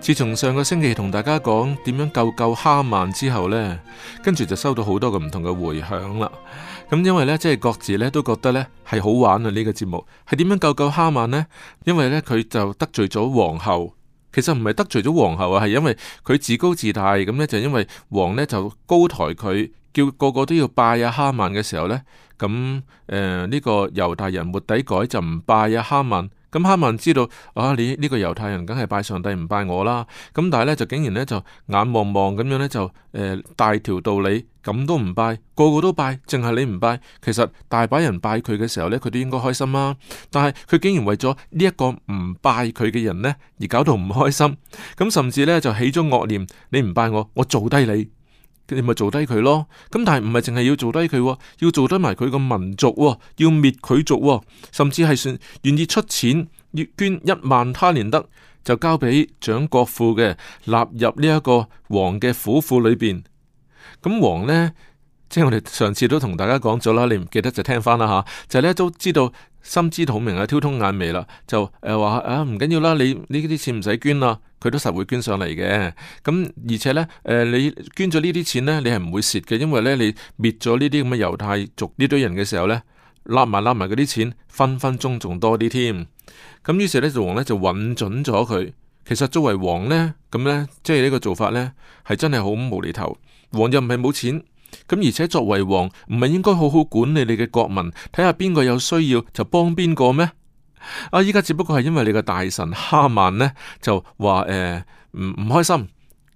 自從上個星期同大家講點樣救救哈曼之後呢，跟住就收到好多個唔同嘅回響啦。咁、嗯、因為呢，即係各自呢都覺得呢係好玩啊呢、這個節目係點樣救救哈曼呢？因為呢，佢就得罪咗皇后，其實唔係得罪咗皇后啊，係因為佢自高自大咁呢，就因為王呢，就高抬佢，叫個個都要拜啊哈曼嘅時候呢。咁誒呢個猶太人末底改就唔拜啊哈曼。咁哈曼知道啊，你呢個猶太人梗係拜上帝唔拜我啦。咁但係咧就竟然咧就眼望望咁樣咧就誒、呃、大條道理咁都唔拜，個個都拜，淨係你唔拜。其實大把人拜佢嘅時候咧，佢都應該開心啦。但係佢竟然為咗呢一個唔拜佢嘅人咧而搞到唔開心，咁甚至咧就起咗惡念。你唔拜我，我做低你。你咪做低佢咯，咁但係唔係淨係要做低佢，要做低埋佢個民族，要滅佢族，甚至係算願意出錢，月捐一萬他連得，就交俾蔣國富嘅，納入呢一個王嘅府庫裏邊，咁王呢？即係我哋上次都同大家講咗啦，你唔記得就聽翻啦嚇。就是、呢、都知道心知肚明啊，挑通眼眉啦，就誒話、呃、啊唔緊要啦，你呢啲錢唔使捐啦，佢都實會捐上嚟嘅。咁、嗯、而且咧誒、呃，你捐咗呢啲錢咧，你係唔會蝕嘅，因為咧你滅咗呢啲咁嘅猶太族呢堆人嘅時候咧，揦埋揦埋嗰啲錢分分鐘仲多啲添。咁、嗯、於是咧，做王咧就揾準咗佢。其實作為王咧，咁咧即係呢、就是、個做法咧係真係好無厘頭。王又唔係冇錢。咁而且作為王唔係應該好好管理你嘅國民，睇下邊個有需要就幫邊個咩？啊，依家只不過係因為你個大臣哈曼呢，就話誒唔唔開心，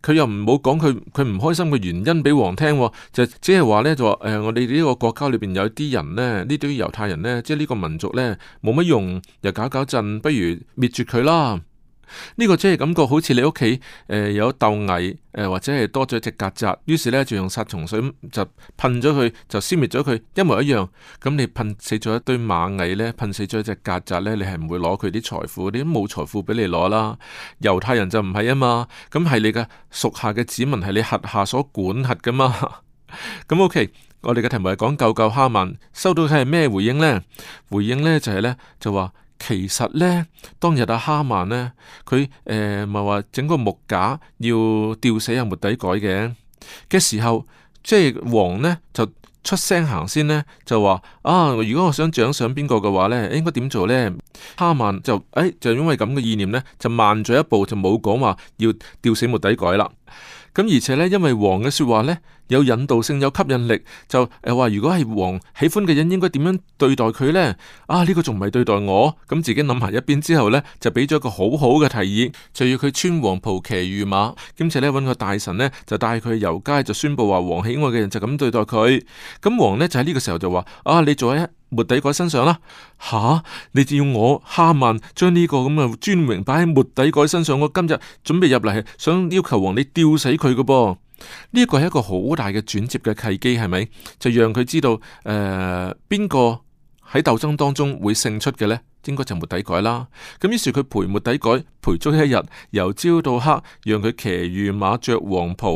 佢又唔好講佢，佢唔開心嘅原因俾王聽，就只係話呢，就話誒、呃，我哋呢個國家裏邊有啲人呢，呢啲猶太人呢，即係呢個民族呢，冇乜用，又搞搞震，不如滅絕佢啦。呢個即係感覺好似你屋企誒有斗蟻誒或者係多咗一隻曱甴，於是呢，就用殺蟲水就噴咗佢，就消滅咗佢一模一樣。咁你噴死咗一堆螞蟻呢，噴死咗一隻曱甴呢，你係唔會攞佢啲財富，啲冇財富俾你攞啦。猶太人就唔係啊嘛，咁係你嘅屬下嘅子民，係你轄下所管轄㗎嘛。咁 OK，我哋嘅題目係講救救哈曼，收到佢係咩回應呢？回應呢，就係、是、呢，就話。其實呢，當日阿哈曼呢，佢誒咪話整個木架要吊死阿末底改嘅嘅時候，即係王呢，就出聲行先呢，就話啊，如果我想獎賞邊個嘅話呢，應該點做呢？」哈曼就誒、哎、就因為咁嘅意念呢，就慢咗一步，就冇講話要吊死末底改啦。咁而且呢，因為王嘅說話呢，有引導性，有吸引力，就誒話如果係王喜歡嘅人，應該點樣對待佢呢？啊，呢個仲唔係對待我？咁自己諗埋一邊之後呢，就俾咗一個好好嘅提議，就要佢穿黃袍騎御馬，兼且呢，揾個大臣呢，就帶佢去遊街，就宣布話王喜愛嘅人就咁對待佢。咁王呢，就喺呢個時候就話：啊，你做一。末底改身上啦，吓！你就要我哈曼將呢個咁嘅尊榮擺喺末底改身上，我今日準備入嚟，想要求王你吊死佢嘅噃。呢一個係一個好大嘅轉折嘅契機，係咪？就讓佢知道，誒、呃，邊個喺鬥爭當中會勝出嘅咧？應該就摩底改啦，咁於是佢陪摩底改陪足一日，由朝到黑，讓佢騎御馬、着黃袍。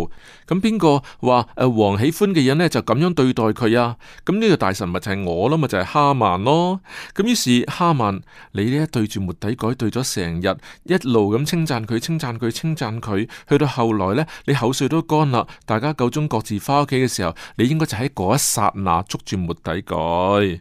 咁，邊個話，誒，王喜歡嘅人呢？就咁樣對待佢啊？咁、嗯、呢、這個大臣咪就係我咯，咪就係、是、哈曼咯。咁、嗯、於是哈曼，你呢對住摩底改對咗成日，一路咁稱讚佢，稱讚佢，稱讚佢。去到後來呢，你口水都乾啦。大家夠鐘各自返屋企嘅時候，你應該就喺嗰一剎那捉住摩底改。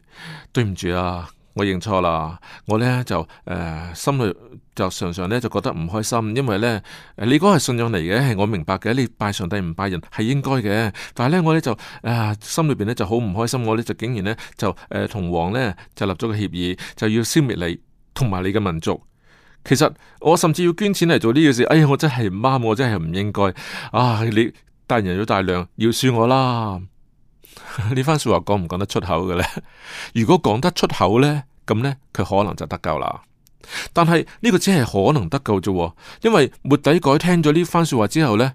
對唔住啊！我認錯啦，我呢就誒、呃、心裏就常常咧就覺得唔開心，因為呢，誒你嗰個係信仰嚟嘅，係我明白嘅，你拜上帝唔拜人係應該嘅，但係呢，我呢就啊、呃、心裏邊咧就好唔開心，我呢就竟然呢，就誒、呃、同王呢就立咗個協議，就要消滅你同埋你嘅民族。其實我甚至要捐錢嚟做呢件事，哎呀我真係唔啱，我真係唔應該啊！你大人有大量要恕我啦。呢番說話講唔講得出口嘅呢？ 如果講得出口呢，咁呢，佢可能就得救啦。但係呢、這個只係可能得救啫，因為末底改聽咗呢番說話之後呢，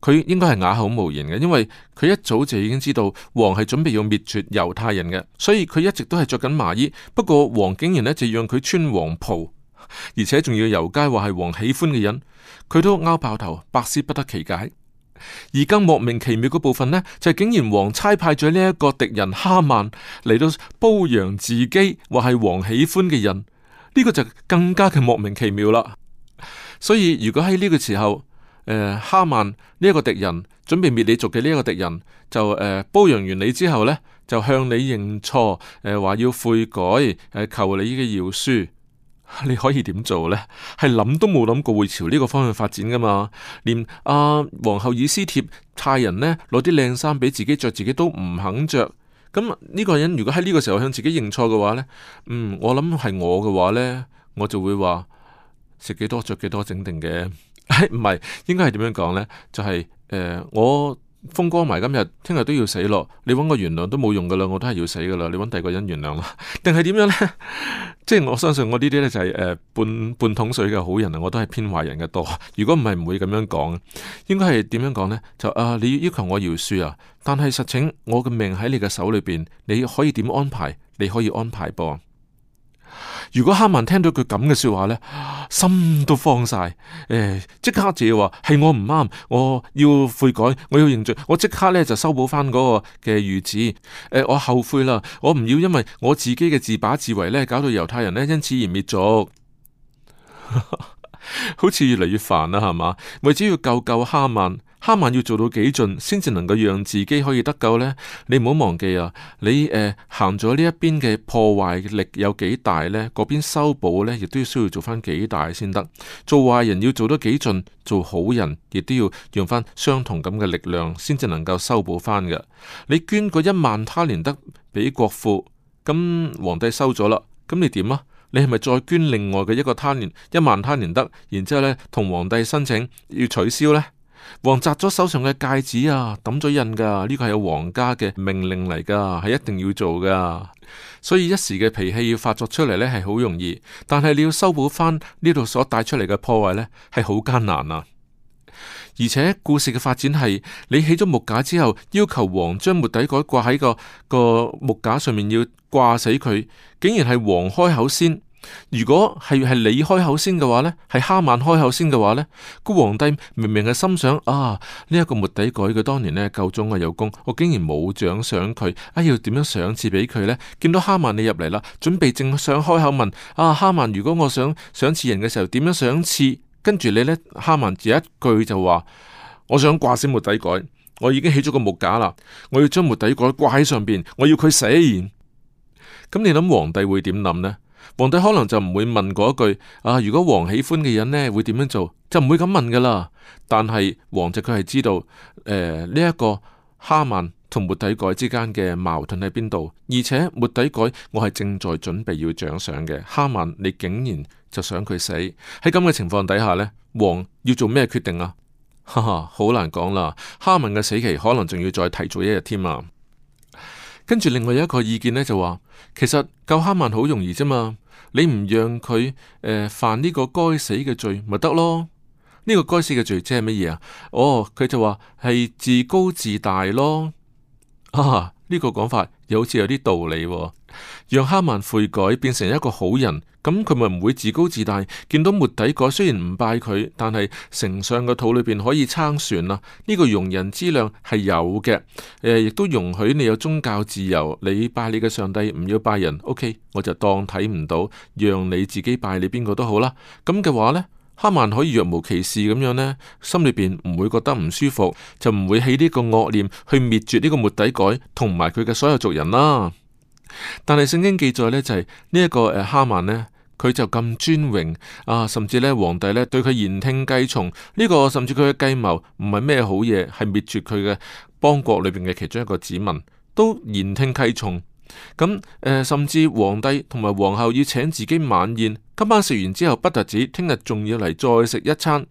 佢應該係啞口無言嘅，因為佢一早就已經知道王係準備要滅絕猶太人嘅，所以佢一直都係着緊麻衣。不過王竟然咧就讓佢穿黃袍，而且仲要遊街，話係王喜歡嘅人，佢都拗爆頭，百思不得其解。而更莫名其妙嗰部分呢，就係、是、竟然王差派咗呢一個敵人哈曼嚟到褒揚自己或係王喜歡嘅人，呢、這個就更加嘅莫名其妙啦。所以如果喺呢個時候，誒、呃，哈曼呢一個敵人準備滅你族嘅呢一個敵人，就誒褒揚完你之後呢，就向你認錯，誒、呃、話要悔改，誒求你嘅個饒恕。你可以點做呢？係諗都冇諗過會朝呢個方向發展噶嘛？連阿皇、啊、后以斯帖派人呢，攞啲靚衫俾自己着，自己都唔肯着。咁、嗯、呢、這個人如果喺呢個時候向自己認錯嘅話呢，嗯，我諗係我嘅話呢，我就會話食幾多着幾多整定嘅。係唔係？應該係點樣講呢？就係、是、誒、呃，我。風光埋今日聽日都要死咯，你揾我原諒都冇用噶啦，我都係要死噶啦，你揾第二個人原諒啦，定係點樣呢？ 即係我相信我呢啲、就是呃、呢，就係誒半半桶水嘅好人啊，我都係偏壞人嘅多。如果唔係唔會咁樣講，應該係點樣講呢？就啊，你要要求我饒恕啊，但係實情我嘅命喺你嘅手裏邊，你可以點安排？你可以安排噃。如果哈曼聽到佢咁嘅說話呢，心都慌晒，誒，即刻就要話係我唔啱，我要悔改，我要認罪，我即刻呢就修補翻嗰個嘅諭旨，誒，我後悔啦，我唔要因為我自己嘅自把自為咧，搞到猶太人咧因此而滅族， 好似越嚟越煩啦，係嘛，為只要救救哈曼。哈曼要做到幾盡，先至能夠讓自己可以得救呢？你唔好忘記啊！你誒行咗呢一邊嘅破壞力有幾大呢？嗰邊修補呢，亦都需要做翻幾大先得。做壞人要做多幾盡，做好人亦都要用翻相同咁嘅力量，先至能夠修補翻嘅。你捐個一萬他連德畀國庫，咁皇帝收咗啦，咁你點啊？你係咪再捐另外嘅一個他連一萬他連德，然之後呢同皇帝申請要取消呢？王摘咗手上嘅戒指啊，抌咗印噶，呢、這個係皇家嘅命令嚟噶，係一定要做噶。所以一時嘅脾氣要發作出嚟呢，係好容易，但係你要修補翻呢度所帶出嚟嘅破壞呢，係好艱難啊！而且故事嘅發展係你起咗木架之後，要求王將末底改掛喺個個木架上面，要掛死佢，竟然係王開口先。如果係係你開口先嘅話呢，係哈曼開口先嘅話呢？個皇帝明明係心想啊，呢、這、一個末底改佢當年呢夠忠啊有功，我竟然冇獎賞佢，哎要點樣賞賜俾佢呢？見到哈曼你入嚟啦，準備正想開口問啊，哈曼如果我想賞賜人嘅時候，點樣賞賜？跟住你呢，哈曼第一句就話，我想掛死末底改，我已經起咗個木架啦，我要將末底改掛喺上邊，我要佢死。咁你諗皇帝會點諗呢？皇帝可能就唔會問嗰一句啊，如果王喜歡嘅人呢，會點樣做？就唔會咁問噶啦。但係王就佢係知道，誒呢一個哈曼同末底改之間嘅矛盾喺邊度？而且末底改我係正在準備要獎賞嘅，哈曼，你竟然就想佢死？喺咁嘅情況底下呢，王要做咩決定啊？哈哈，好難講啦。哈曼嘅死期可能仲要再提早一日添啊！跟住另外有一個意見呢，就話其實救哈曼好容易啫嘛，你唔讓佢誒、呃、犯呢個該死嘅罪咪得咯？呢、呢個該死嘅罪即係乜嘢啊？哦，佢就話係自高自大咯。哈、啊，呢、呢個講法又好似有啲道理。讓哈曼悔改，變成一個好人，咁佢咪唔會自高自大。見到末底改雖然唔拜佢，但係丞相嘅肚裏邊可以撐船啦。呢個容人之量係有嘅，亦都容許你有宗教自由，你拜你嘅上帝，唔要拜人。OK，我就當睇唔到，讓你自己拜你邊個都好啦。咁嘅話呢，哈曼可以若無其事咁樣呢，心裏邊唔會覺得唔舒服，就唔會起呢個惡念去滅絕呢個末底改同埋佢嘅所有族人啦。但係聖經記載呢，就係呢一個誒哈曼呢，佢就咁尊榮啊，甚至呢皇帝咧對佢言聽計從。呢、這個甚至佢嘅計謀唔係咩好嘢，係滅絕佢嘅邦國裏邊嘅其中一個子民都言聽計從。咁誒、啊，甚至皇帝同埋皇后要請自己晚宴，今晚食完之後不特止，聽日仲要嚟再食一餐。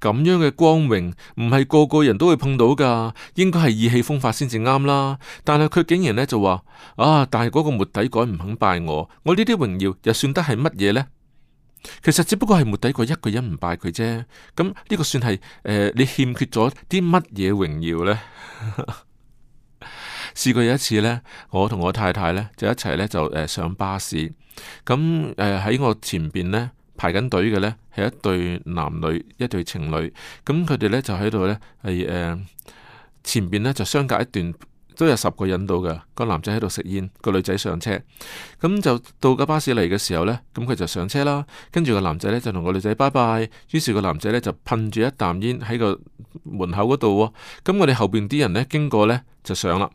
咁樣嘅光榮唔係個個人都會碰到噶，應該係意氣風發先至啱啦。但係佢竟然呢就話：「啊，但係嗰個末底改唔肯拜我，我呢啲榮耀又算得係乜嘢呢？」其實只不過係末底改一個人唔拜佢啫。咁呢個算係誒、呃、你欠缺咗啲乜嘢榮耀呢？ 試過有一次呢，我同我太太呢就一齊呢，就誒上巴士，咁誒喺我前邊呢。排緊隊嘅呢，係一對男女，一對情侶。咁佢哋呢，就喺度呢，係、呃、誒前邊呢，就相隔一段，都有十個人到嘅。個男仔喺度食煙，個女仔上車。咁就到架巴士嚟嘅時候呢，咁佢就上車啦。跟住個男仔呢，就同個女仔拜拜，於是個男仔呢，就噴住一啖煙喺個門口嗰度。咁我哋後邊啲人呢，經過呢，就上啦。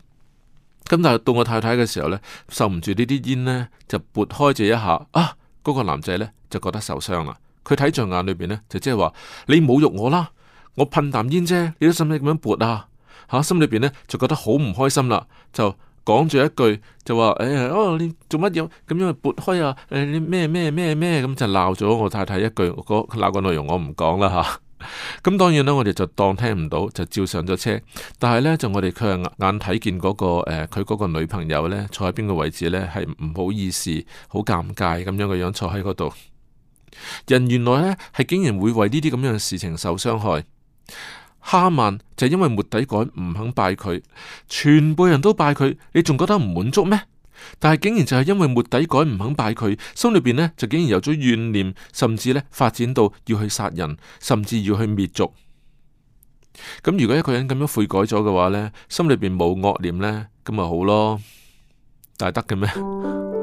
咁但係到我太太嘅時候呢，受唔住呢啲煙呢，就撥開咗一下啊！嗰個男仔呢。就覺得受傷啦，佢睇在眼裏邊咧，就即係話你侮辱我啦，我噴啖煙啫，你使唔使咁樣撥啊？吓，心裏邊咧就覺得好唔開心啦，就講住一句就話，誒、哎，哦，你做乜嘢咁樣撥開啊？誒你咩咩咩咩，咁就鬧咗我太太一句，嗰鬧個內容我唔講啦吓。咁、啊 嗯、當然咧，我哋就當聽唔到，就照上咗車。但係咧就我哋卻眼睇見嗰、那個誒，佢、呃、嗰個女朋友咧坐喺邊個位置咧，係唔好意思，好尷尬咁樣嘅樣坐喺嗰度。人原來呢係竟然會為呢啲咁樣嘅事情受傷害。哈曼就因為末底改唔肯拜佢，全部人都拜佢，你仲覺得唔滿足咩？但係竟然就係因為末底改唔肯拜佢，心裏邊呢就竟然有咗怨念，甚至呢發展到要去殺人，甚至要去滅族。咁如果一個人咁樣悔改咗嘅話呢，心裏邊冇惡念呢，咁咪好咯。但係得嘅咩？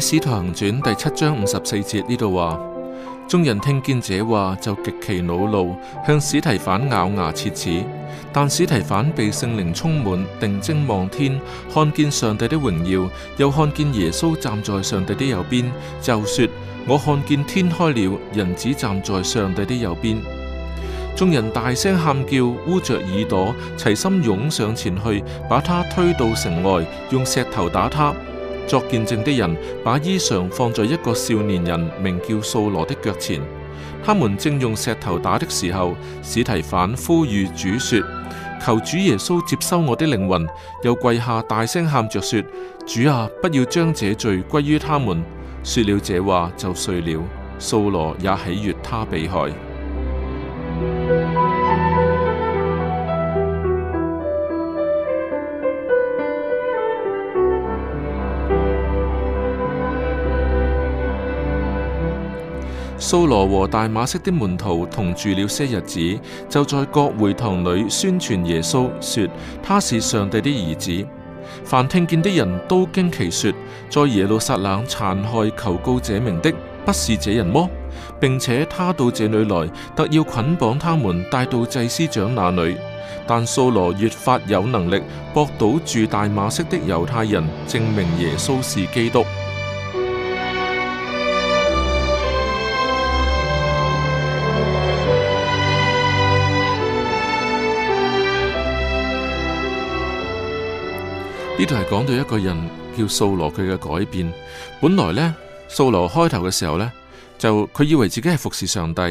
喺《使徒行傳》第七章五十四節呢度話：眾人聽見這話就極其惱怒，向史提反咬牙切齒。但史提反被聖靈充滿，定睛望天，看見上帝的榮耀，又看見耶穌站在上帝的右邊，就說：我看見天開了，人子站在上帝的右邊。眾人大聲喊叫，捂着耳朵，齊心湧上前去，把他推到城外，用石頭打他。作見證的人把衣裳放在一個少年人名叫掃羅的腳前，他們正用石頭打的時候，史提反呼籲主說：求主耶穌接收我的靈魂。又跪下大聲喊着說：主啊，不要將這罪歸於他們。說了這話就睡了。掃羅也喜悦他被害。蘇羅和大馬式的門徒同住了些日子，就在各會堂裏宣傳耶穌，說他是上帝的兒子。凡聽見的人都驚奇說：在耶路撒冷殘害求告者名的，不是這人麼？並且他到這裏來，特要捆綁他們帶到祭司長那裏。但蘇羅越發有能力駁倒住大馬式的猶太人，證明耶穌是基督。呢度係講到一個人叫掃羅佢嘅改變。本來呢，掃羅開頭嘅時候呢，就佢以為自己係服侍上帝，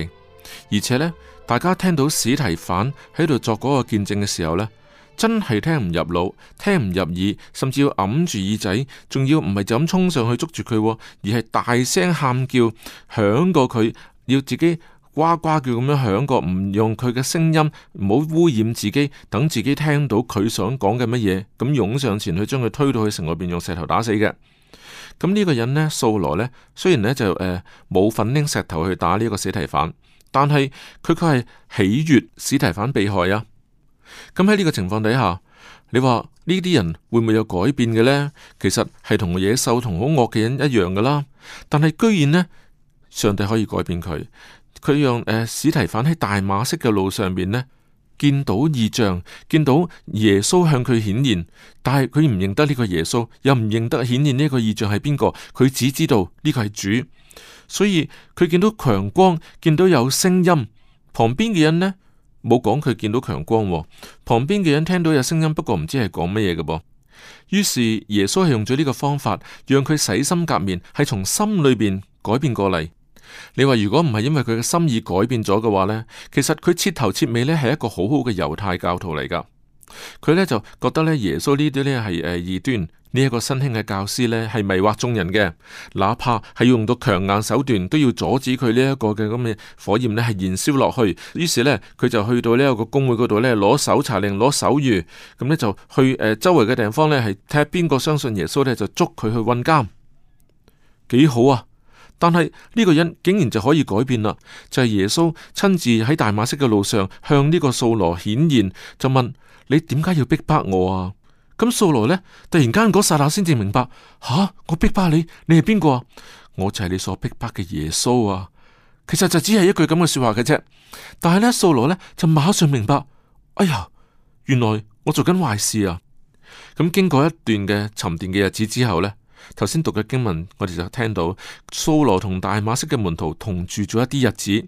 而且呢，大家聽到史提反喺度作嗰個見證嘅時候呢，真係聽唔入腦、聽唔入耳，甚至要揞住耳仔，仲要唔係就咁衝上去捉住佢，而係大聲喊叫響過佢，要自己。呱呱叫咁樣響過，唔用佢嘅聲音，唔好污染自己，等自己聽到佢想講嘅乜嘢，咁湧上前去將佢推到去城外邊用石頭打死嘅。咁呢個人呢，掃羅呢，雖然呢就誒冇、呃、份拎石頭去打呢個司提反，但係佢佢係喜悅司提反被害啊。咁喺呢個情況底下，你話呢啲人會唔會有改變嘅呢？其實係同野獸、同好惡嘅人一樣噶啦，但係居然呢，上帝可以改變佢。佢用、呃、史提反喺大馬色嘅路上面呢，見到異象，見到耶穌向佢顯現，但係佢唔認得呢個耶穌，又唔認得顯現呢個異象係邊個，佢只知道呢個係主，所以佢見到強光，見到有聲音，旁邊嘅人呢，冇講佢見到強光，旁邊嘅人聽到有聲音，不過唔知係講乜嘢嘅噃。於是耶穌係用咗呢個方法，讓佢洗心革面，係從心裏邊改變過嚟。你話如果唔係因為佢嘅心意改變咗嘅話呢，其實佢徹頭徹尾呢係一個好好嘅猶太教徒嚟㗎。佢呢就覺得呢耶穌呢啲呢係誒異端，呢一個新興嘅教師呢係迷惑眾人嘅，哪怕係用到強硬手段都要阻止佢呢一個嘅咁嘅火焰呢係燃燒落去。於是呢，佢就去到呢一個公會嗰度呢攞搜查令、攞手諭，咁呢就去誒周圍嘅地方呢係睇下邊個相信耶穌呢，就捉佢去困監，幾好啊！但係呢個人竟然就可以改變啦，就係耶穌親自喺大馬色嘅路上向呢個掃羅顯現，就問你點解要逼迫我啊？咁掃羅呢，突然間嗰剎那先至明白，吓，我逼迫你，你係邊個啊？我就係你所逼迫嘅耶穌啊！其實就只係一句咁嘅說話嘅啫。但係呢，掃羅呢，就馬上明白，哎呀，原來我做緊壞事啊！咁經過一段嘅沉澱嘅日子之後呢。頭先讀嘅經文，我哋就聽到掃羅同大馬色嘅門徒同住咗一啲日子。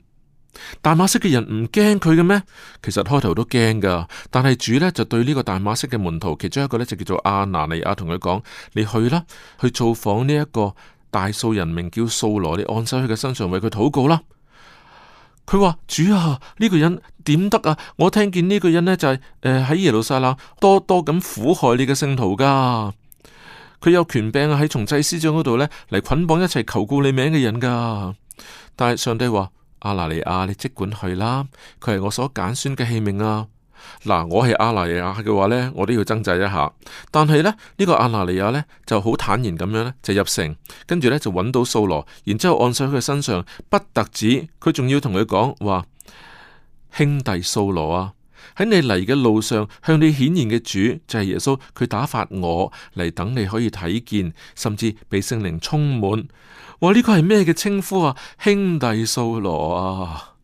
大馬色嘅人唔驚佢嘅咩？其實開頭都驚噶，但係主呢，就對呢個大馬色嘅門徒，其中一個呢，就叫做亞拿尼亞，同佢講：你去啦，去造訪呢一個大數人，名叫掃羅，你按手喺佢身上為佢禱告啦。佢話：主啊，呢、這個人點得啊？我聽見呢個人呢，就係、是、喺、呃、耶路撒冷多多咁苦害你嘅聖徒噶。佢有權柄喺從祭司長嗰度咧嚟捆綁一齊求告你名嘅人㗎，但係上帝話：阿拿利亞，你即管去啦，佢係我所揀選嘅器皿啊！嗱，我係阿拿利亞嘅話呢，我都要掙扎一下，但係呢，呢、這個阿拿利亞呢就好坦然咁樣咧就入城，跟住呢就揾到掃羅，然之後按上佢身上，不特止佢仲要同佢講話，兄弟掃羅啊！喺你嚟嘅路上，向你顯現嘅主就係耶穌，佢打發我嚟等你可以睇見，甚至被聖靈充滿。話呢個係咩嘅稱呼啊？兄弟蘇羅啊？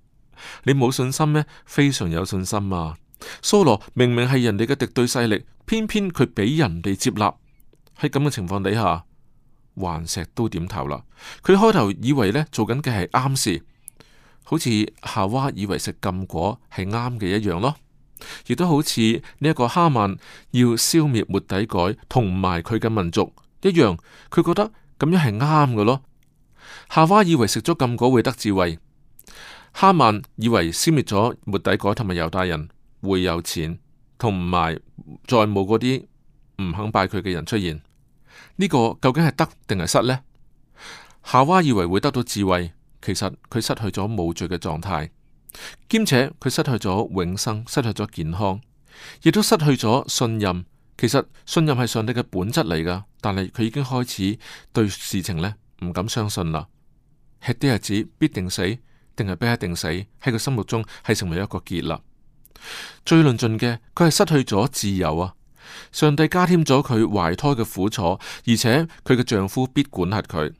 你冇信心咩？非常有信心啊！蘇羅明明係人哋嘅敵對勢力，偏偏佢俾人哋接納。喺咁嘅情況底下，頑石都點頭啦。佢開頭以為呢做緊嘅係啱事，好似夏娃以為食禁果係啱嘅一樣咯。亦都好似呢一個哈曼要消滅末底改同埋佢嘅民族一樣，佢覺得咁樣係啱嘅咯。夏娃以為食咗禁果會得智慧，哈曼以為消滅咗末底改同埋猶大人會有錢，同埋再冇嗰啲唔肯拜佢嘅人出現。呢、這個究竟係得定係失呢？夏娃以為會得到智慧，其實佢失去咗冇罪嘅狀態。兼且佢失去咗永生，失去咗健康，亦都失去咗信任。其實信任係上帝嘅本質嚟㗎，但係佢已經開始對事情呢唔敢相信啦。吃啲日子必定死，定係不一定死，喺佢心目中係成為一個結論。最論盡嘅佢係失去咗自由啊！上帝加添咗佢懷胎嘅苦楚，而且佢嘅丈夫必管轄佢。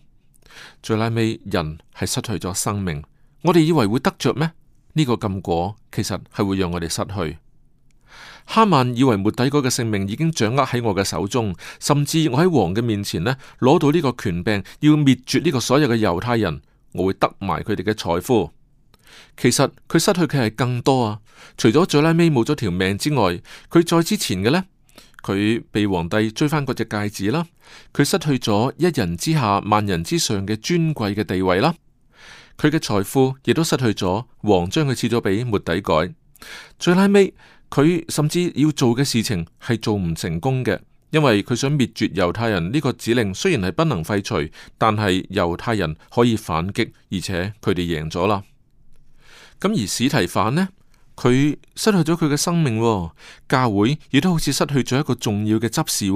最拉尾，人係失去咗生命。我哋以為會得着咩？呢個禁果其實係會讓我哋失去。哈曼以為末底改嘅性命已經掌握喺我嘅手中，甚至我喺王嘅面前呢攞到呢個權柄，要滅絕呢個所有嘅猶太人，我會得埋佢哋嘅財富。其實佢失去嘅係更多啊！除咗最拉尾冇咗條命之外，佢再之前嘅呢，佢被皇帝追翻嗰隻戒指啦，佢失去咗一人之下萬人之上嘅尊貴嘅地位啦。佢嘅財富亦都失去咗，王將佢賜咗俾末底改。最拉尾，佢甚至要做嘅事情係做唔成功嘅，因為佢想滅絕猶太人，呢個指令雖然係不能廢除，但係猶太人可以反擊，而且佢哋贏咗啦。咁而司提反呢，佢失去咗佢嘅生命，教會亦都好似失去咗一個重要嘅執事。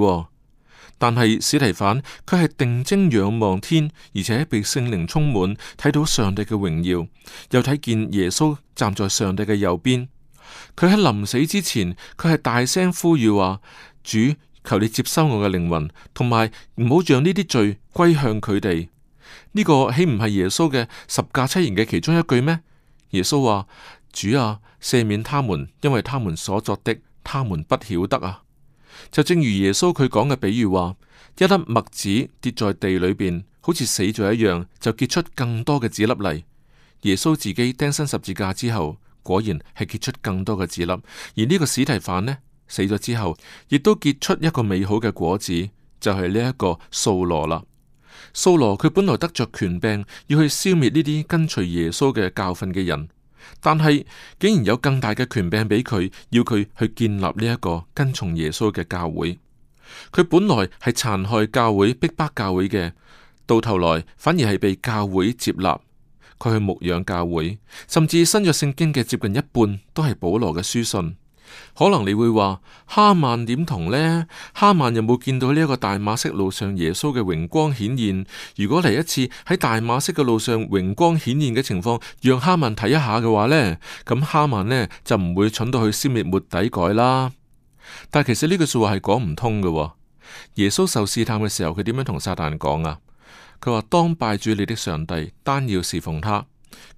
但係史提反佢係定睛仰望天，而且被聖靈充滿，睇到上帝嘅榮耀，又睇見耶穌站在上帝嘅右邊。佢喺臨死之前，佢係大聲呼籲話：主，求你接收我嘅靈魂，同埋唔好將呢啲罪歸向佢哋。呢、這個豈唔係耶穌嘅十架七言嘅其中一句咩？耶穌話：主啊，赦免他們，因為他們所作的，他們不曉得啊。就正如耶穌佢講嘅比喻話，一粒麥子跌在地裏邊，好似死咗一樣，就結出更多嘅子粒嚟。耶穌自己釘身十字架之後，果然係結出更多嘅子粒。而呢個史提反呢，死咗之後，亦都結出一個美好嘅果子，就係呢一個掃羅啦。掃羅佢本來得着權柄要去消滅呢啲跟隨耶穌嘅教訓嘅人。但係竟然有更大嘅權柄俾佢，要佢去建立呢一個跟從耶穌嘅教會。佢本來係殘害教會、逼迫教會嘅,到頭來反而係被教會接納。佢去牧養教會，甚至新約聖經嘅接近一半都係保羅嘅書信。可能你會話哈曼點同呢？哈曼有冇見到呢一個大馬色路上耶穌嘅榮光顯現？如果嚟一次喺大馬色嘅路上榮光顯現嘅情況，讓哈曼睇一下嘅話呢？咁哈曼呢就唔會蠢到去消滅末底改啦。但其實呢句話說話係講唔通嘅、啊。耶穌受試探嘅時候，佢點樣同撒旦講啊？佢話當拜主你的上帝，單要侍奉他。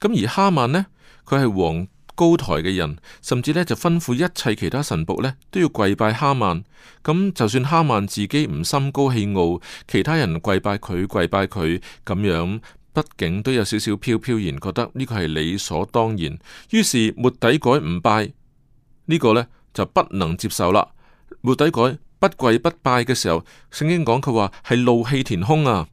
咁而哈曼呢？佢係皇。高台嘅人，甚至呢，就吩咐一切其他神僕呢，都要跪拜哈曼。咁就算哈曼自己唔心高氣傲，其他人跪拜佢，跪拜佢咁樣，畢竟都有少少飄飄然，覺得呢個係理所當然。於是末底改唔拜呢個呢，就不能接受啦。末底改不跪不拜嘅時候，聖經講佢話係怒氣填胸啊。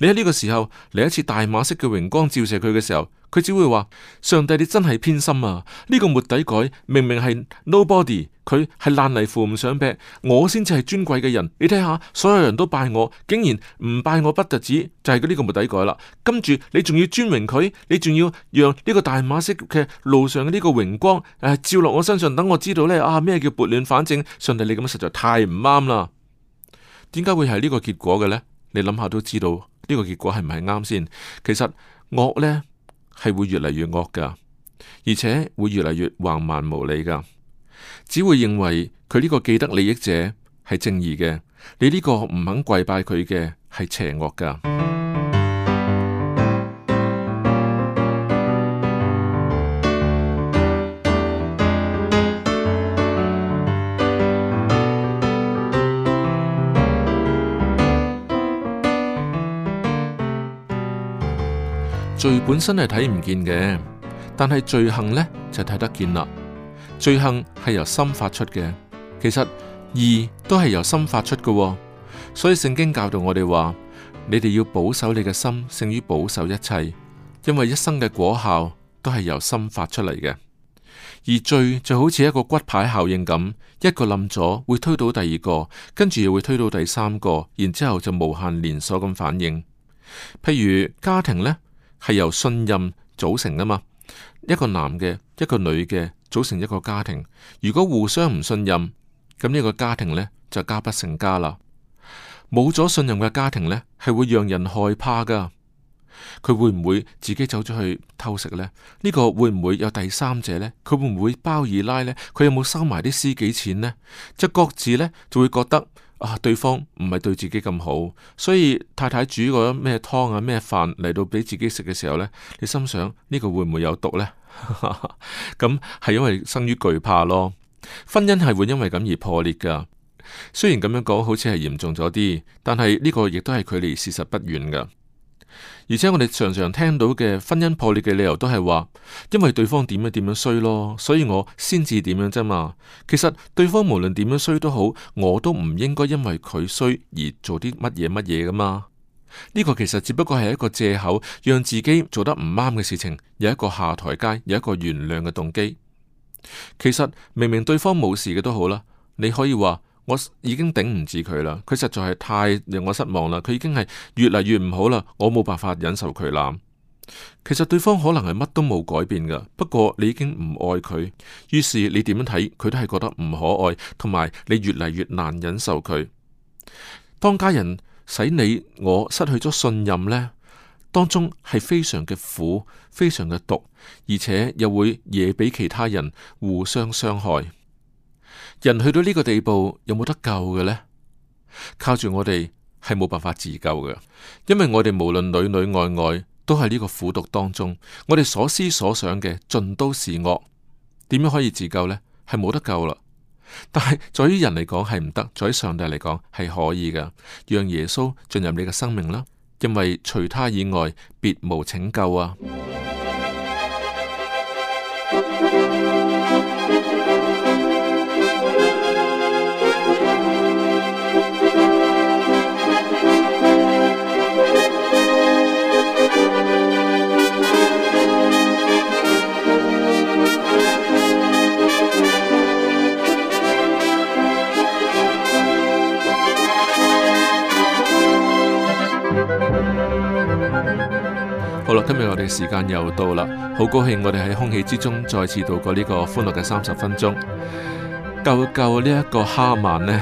你喺呢個時候嚟一次大馬色嘅榮光照射佢嘅時候，佢只會話：上帝，你真係偏心啊！呢、這個末底改明明係 nobody，佢係爛泥扶唔上壁，我先至係尊貴嘅人。你睇下，所有人都拜我，竟然唔拜我不特止就係、是、呢個末底改啦。跟住你仲要尊榮佢，你仲要讓呢個大馬色嘅路上嘅呢個榮光誒、呃、照落我身上，等我知道呢，啊咩叫撥亂反正？上帝你咁實在太唔啱啦。點解會係呢個結果嘅呢？你諗下都知道。呢個結果係唔係啱先？其實惡呢係會越嚟越惡噶，而且會越嚟越橫蠻無理噶，只會認為佢呢個既得利益者係正義嘅，你呢個唔肯跪拜佢嘅係邪惡噶。罪本身係睇唔見嘅，但係罪行呢就睇得見啦。罪行係由心發出嘅，其實義都係由心發出㗎。所以聖經教導我哋話：你哋要保守你嘅心，勝於保守一切，因為一生嘅果效都係由心發出嚟嘅。而罪就好似一個骨牌效應咁，一個冧咗會推到第二個，跟住又會推到第三個，然之後就無限連鎖咁反應。譬如家庭呢。係由信任組成噶嘛。一個男嘅，一個女嘅，組成一個家庭。如果互相唔信任，咁呢個家庭呢，就家不成家啦。冇咗信任嘅家庭呢，係會讓人害怕噶。佢會唔會自己走咗去偷食呢？呢、這個會唔會有第三者呢？佢會唔會包二奶呢？佢有冇收埋啲私己錢呢？即各自呢，就會覺得。啊！對方唔係對自己咁好，所以太太煮嗰咩湯啊、咩飯嚟到畀自己食嘅時候呢，你心想呢個會唔會有毒呢？咁 係因為生於懼怕咯，婚姻係會因為咁而破裂噶。雖然咁樣講好似係嚴重咗啲，但係呢個亦都係距離事實不遠噶。而且我哋常常聽到嘅婚姻破裂嘅理由都係話，因為對方點樣點樣衰咯，所以我先至點樣啫嘛。其實對方無論點樣衰都好，我都唔應該因為佢衰而做啲乜嘢乜嘢噶嘛。呢個其實只不過係一個借口，讓自己做得唔啱嘅事情有一個下台階，有一個原諒嘅動機。其實明明對方冇事嘅都好啦，你可以話。我已經頂唔住佢啦，佢實在係太令我失望啦，佢已經係越嚟越唔好啦，我冇辦法忍受佢啦。其實對方可能係乜都冇改變㗎，不過你已經唔愛佢，於是你點樣睇佢都係覺得唔可愛，同埋你越嚟越難忍受佢。當家人使你我失去咗信任呢，當中係非常嘅苦，非常嘅毒，而且又會惹俾其他人互相傷害。人去到呢個地步有冇得救嘅呢？靠住我哋係冇辦法自救嘅，因為我哋無論女女愛愛都係呢個苦毒當中，我哋所思所想嘅盡都是惡，點樣可以自救呢？係冇得救啦。但係在於人嚟講係唔得，在於上帝嚟講係可以嘅，讓耶穌進入你嘅生命啦。因為除他以外，別無拯救啊！ 時間又到啦，好高興我哋喺空氣之中再次度過呢個歡樂嘅三十分鐘。救救呢一個哈曼呢，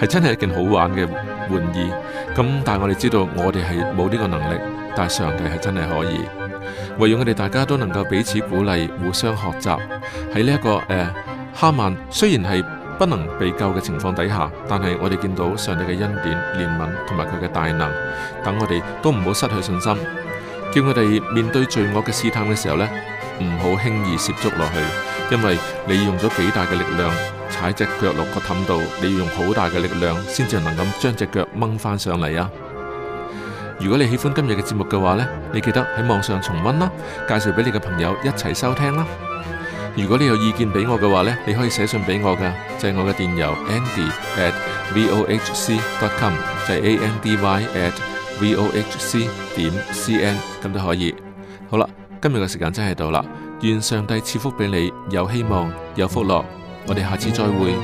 係真係一件好玩嘅玩意。咁但係我哋知道我哋係冇呢個能力，但係上帝係真係可以。為咗我哋大家都能夠彼此鼓勵、互相學習，喺呢一個誒、呃、哈曼雖然係不能被救嘅情況底下，但係我哋見到上帝嘅恩典、憐憫同埋佢嘅大能，等我哋都唔好失去信心。叫我哋面對罪惡嘅試探嘅時候呢，唔好輕易涉足落去，因為你要用咗幾大嘅力量踩隻腳落個氹度，你要用好大嘅力量先至能咁將隻腳掹翻上嚟啊！如果你喜歡今日嘅節目嘅話呢，你記得喺網上重溫啦，介紹俾你嘅朋友一齊收聽啦。如果你有意見俾我嘅話呢，你可以寫信俾我噶，就係我嘅電郵 andy at vohc dot com，就係 a n d y at vohc 點 cn 咁都可以，好啦，今日嘅時間真係到啦，願上帝賜福俾你，有希望，有福樂，我哋下次再會。